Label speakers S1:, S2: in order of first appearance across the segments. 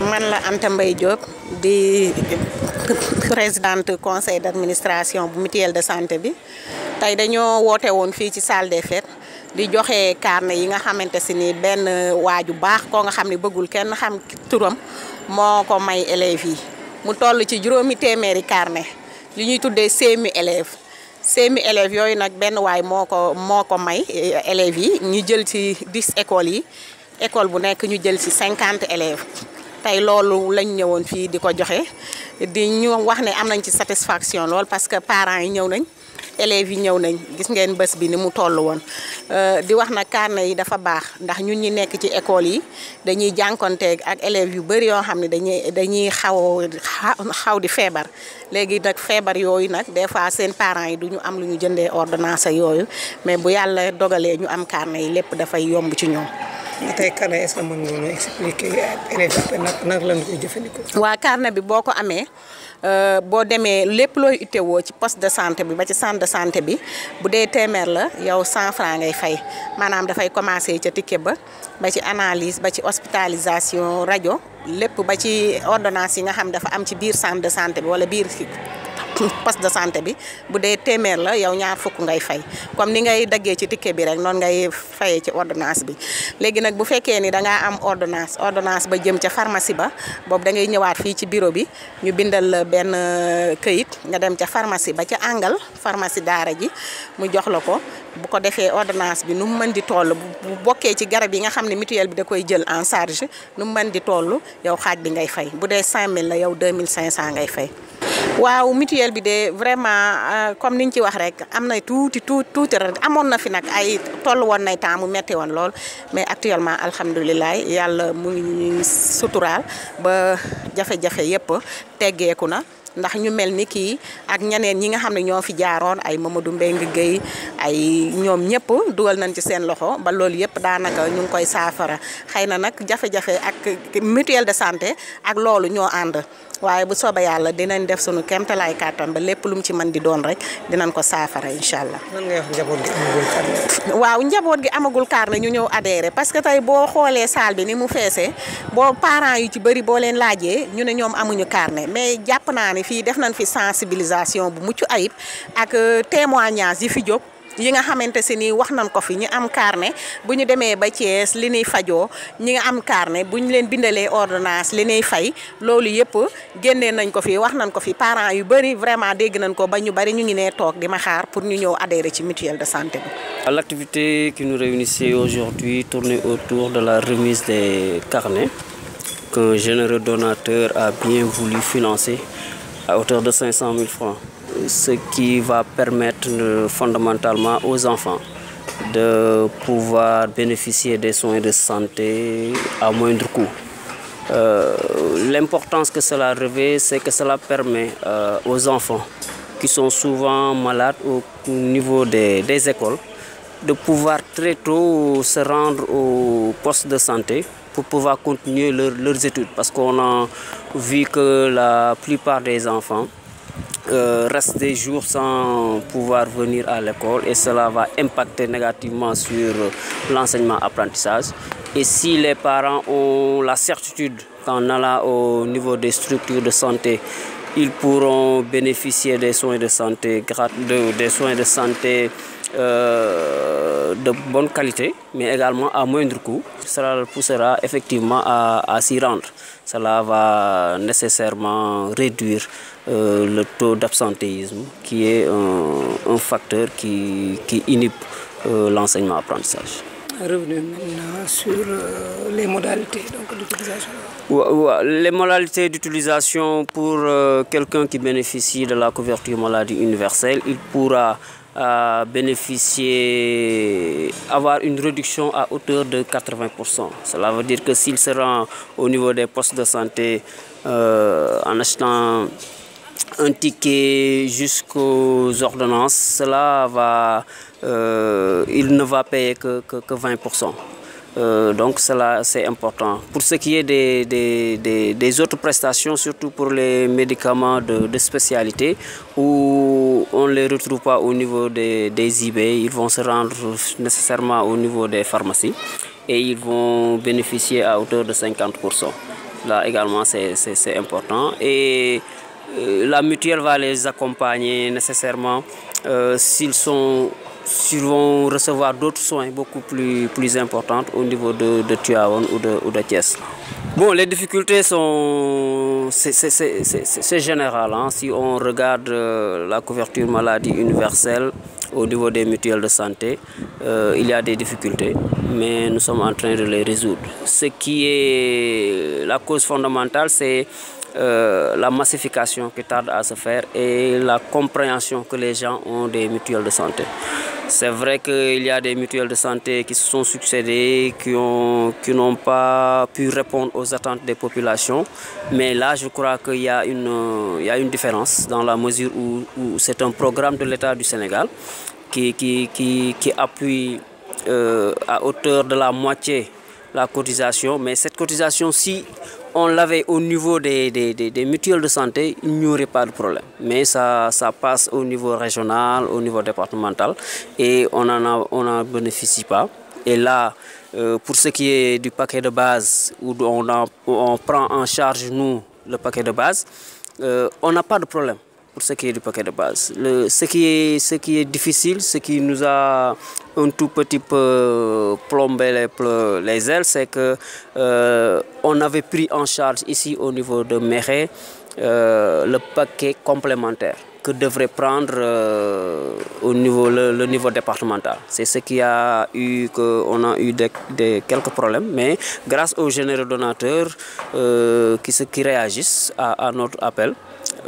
S1: man la Anta Mbaye Diop di présidente conseil d'administration bu mutuelle de santé bi tey dañoo woote woon fii ci salle des fêtes di joxe carnet yi nga xamante si ni benn waaju baax koo nga xam ni bëggul kenn xam turam moo ko may élève yi mu toll ci juróomi téeméeri carnet li ñuy tuddee seemi élève seemi élèves yooyu nag benn waay moo ko moo ko may élève yi ñu jël ci 10 écoles yi école bu nekk ñu jël ci 50 élèves tey loolu lañ ñëwoon fii di ko joxe di ñu wax ne am nañ ci satisfaction lool parce que parents yi ñëw nañ élèves yi ñëw nañ gis ngeen bës bi ni mu toll woon euh, di wax na carnet yi dafa baax ndax ñu ñi nekk ci école yi dañuy jànkonteeg ak élèves yu bëri yoo xam ne dañuy dañuy xaw xaw di feebar léegi nag feebar yooyu nag des fois seen parents yi du ñu am lu ñu jëndee ordonnance yooyu mais bu yàlla dogalee ñu am carnet yi lépp dafay yomb ci ñoom tey carnet est-ce que mën jëfandikoo. waa carnet bi boo ko amee euh, boo demee lépp looy itteewoo ci poste de santé bi ba ci centre de santé bi bu dee téeméer la yow 100 francs ngay fay maanaam dafay commencer ca ticket ba ba ci analyse ba ci hospitalisation rajo lépp ba ci ordonnance yi nga xam dafa am ci biir centre de santé bi wala biir. poste de santé bi bu dee téeméer la yow ñaar fukk ngay fay comme ni ngay daggee ci ticket bi rek noonu ngay fayee ci ordinance bi léegi nag bu fekkee ni da am ordinance ordinance ba jëm ca pharmacie ba boobu da ngay ñëwaat fii ci bureau bi ñu bindal benn euh, kayit nga dem ca pharmacie ba ca àngal pharmacie daara ji mu jox la ko bu ko defee ordinance bi nu mu mën di toll bu bokkee ci garab yi nga xam ne mutuelle bi da koy jël en charge nu mu mën di toll yow xaaj bi ngay fay bu dee 5000 la yow 2500 ngay fay kuréel bi de vraiment euh, comme ni niñ ci wax rek am na tuuti tuuti tuuti rek amoon na fi nag ay toll woon nay temps mu metti woon lool mais actuellement alhamdulilah yàlla mu ngi suturaal ba jafe-jafe yëpp teggeeku na. ndax ñu mel ni kii ak ñeneen ñi nga xam ne ñoo fi jaaroon ay Mamadou Mbengue Guèye ay ñoom ñëpp dugal nañ ci seen loxo ba loolu yëpp daanaka ñu ngi koy saafara xëy na nag jafe ak mutuelle de santé ak loolu ñoo ànd waaye bu soobee yàlla dinañ def sunu kéemtalaay kàttan ba lépp lu mu ci mën di doon rek dinañ ko saafara incha allah. lan ngay wax njaboot gi amagul carnet. waaw ñu ñëw adhéré parce que tey boo xoolee salle bi ni mu feesee boo parents yu ci bëri boo leen laajee ñu ne ñoom amuñu carnet mais jàpp naa ni def nañ fi sensibilisation bu muccu ayib ak euh, témoignage yi fi jóg yi nga xamante si ni wax nañ ko fi ñi am carnet buñu démé ba Thiès li ni fajo ñi nga am carnet buñu leen bindalé ordonnance li ni fay loolu yépp génnee nañ ko fi wax nañ ko fi parents yu bari vraiment dégg nañ ko ba ñu bari ñu ngi né tok di ma xaar pour ñu ñëw adhérer ci mutuelle de santé bi.
S2: L'activité qui nous réunissait aujourd'hui tournait autour de la remise des carnets qu'un généreux donateur a bien voulu financer à hauteur de 500 000 francs, ce qui va permettre euh, fondamentalement aux enfants de pouvoir bénéficier des soins de santé à moindre coût. Euh, l'importance que cela revêt, c'est que cela permet euh, aux enfants qui sont souvent malades au niveau des, des écoles de pouvoir très tôt se rendre au poste de santé pour pouvoir continuer leurs études. Parce qu'on a vu que la plupart des enfants euh, restent des jours sans pouvoir venir à l'école et cela va impacter négativement sur l'enseignement-apprentissage. Et si les parents ont la certitude qu'en allant au niveau des structures de santé, ils pourront bénéficier des soins de santé, des soins de santé euh, de bonne qualité, mais également à moindre coût. Cela poussera effectivement à, s'y rendre. Cela va nécessairement réduire euh, le taux d'absentéisme, qui est un, facteur qui, inhibe euh, l'enseignement-apprentissage. Revenons maintenant sur euh,
S1: les modalités d'utilisation.
S2: les modalités d'utilisation pour quelqu'un qui bénéficie de la couverture maladie universelle, il pourra à bénéficier, avoir une réduction à hauteur de 80%. Cela veut dire que s'il se rend au niveau des postes de santé euh, en achetant un ticket jusqu'aux ordonnances, cela va, euh, il ne va payer que 20%. Euh, donc cela c'est important. Pour ce qui est des, des, autres prestations, surtout pour les médicaments de, spécialité, où on ne les retrouve pas au niveau des, eBay, ils vont se rendre nécessairement au niveau des pharmacies et ils vont bénéficier à hauteur de 50%. Là également c'est important. Et euh, la mutuelle va les accompagner nécessairement euh, s'ils sont ils vont recevoir d'autres soins beaucoup plus, plus au niveau de, de Tuaon ou de, ou Bon, les difficultés sont... c'est général. Hein. Si on regarde euh, la couverture maladie universelle au niveau des mutuelles de santé, euh, il y a des difficultés, mais nous sommes en train de les résoudre. Ce qui est la cause fondamentale, c'est euh, la massification qui tarde à se faire et la compréhension que les gens ont des mutuelles de santé. C'est vrai qu'il y a des mutuelles de santé qui se sont succédées, qui n'ont qui pas pu répondre aux attentes des populations. Mais là, je crois qu'il y, a une, euh, une différence dans la mesure où, c'est un programme de l'État du Sénégal qui, qui, appuie euh, à hauteur de la moitié la cotisation. Mais cette cotisation, si on l'avait au niveau des, mutuelles de santé, il n'y aurait pas de problème. Mais ça, ça passe au niveau régional, au niveau départemental, et on n'en bénéficie pas. Et là, euh, pour ce qui est du paquet de base, où on, on prend en charge, nous, le paquet de base, euh, on n'a pas de problème pour ce qui est du paquet de base. ce, qui est, difficile, ce qui nous a un tout petit peu euh, plombé les, ailes, c'est que euh, on avait pris en charge ici au niveau de Méret euh, le paquet complémentaire que devrait prendre euh, au niveau, le, niveau départemental. C'est ce qui a eu, que on a eu des, quelques problèmes, mais grâce aux généreux donateurs euh, qui, qui réagissent à, notre appel,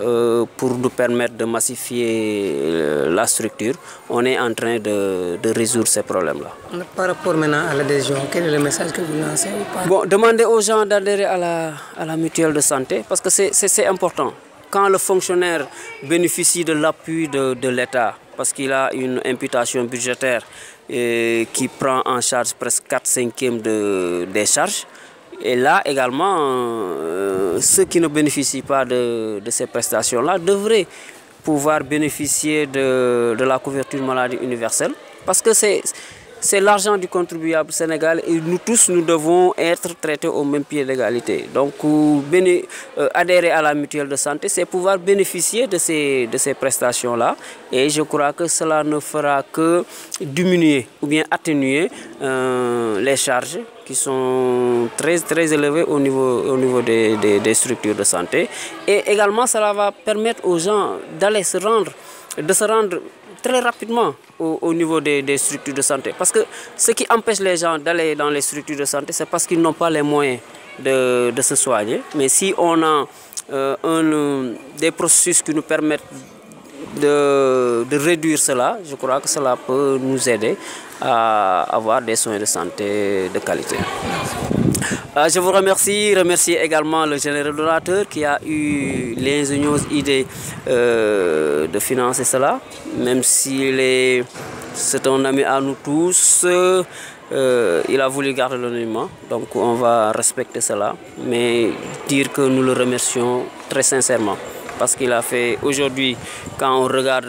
S2: euh, pour nous permettre de massifier euh, la structure, on est en train de, résoudre ces problèmes-là. Par rapport maintenant à l'adhésion, quel est le message que vous lancez Bon, demandez aux gens d'adhérer à la, à la mutuelle de santé parce que c'est important quand le fonctionnaire bénéficie de l'appui de, l'État, parce qu'il a une imputation budgétaire qui prend en charge presque 4 cinquièmes de, des charges, et là également, euh, ceux qui ne bénéficient pas de, ces prestations-là devraient pouvoir bénéficier de, de la couverture maladie universelle, parce que c'est c'est l'argent du contribuable sénégalais et nous tous, nous devons être traités au même pied d'égalité. Donc, euh, euh, adhérer à la mutuelle de santé, c'est pouvoir bénéficier de ces, de ces prestations-là. Et je crois que cela ne fera que diminuer ou bien atténuer euh, les charges qui sont très, très élevées au niveau, au niveau des, des structures de santé. Et également, cela va permettre aux gens d'aller se rendre, de se rendre très rapidement au, niveau des, structures de santé. Parce que ce qui empêche les gens d'aller dans les structures de santé, c'est parce qu'ils n'ont pas les moyens de, se soigner. Mais si on a euh, un, des processus qui nous permettent de, de, réduire cela, je crois que cela peut nous aider à avoir des soins de santé de qualité. Euh, je vous remercie, remercie également le général donateur qui a eu l'ingénieuse idée euh, de financer cela, même s'il est, c'est un ami à nous tous. Euh, il a voulu garder l'anonymat, donc on va respecter cela, mais dire que nous le remercions très sincèrement parce qu'il a fait aujourd'hui, quand on regarde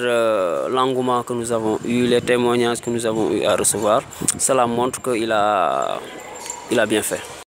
S2: l'engouement que nous avons eu, les témoignages que nous avons eu à recevoir, cela montre qu'il a bien fait.